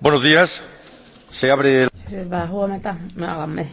Buenos días. Hyvää huomenta. Me alamme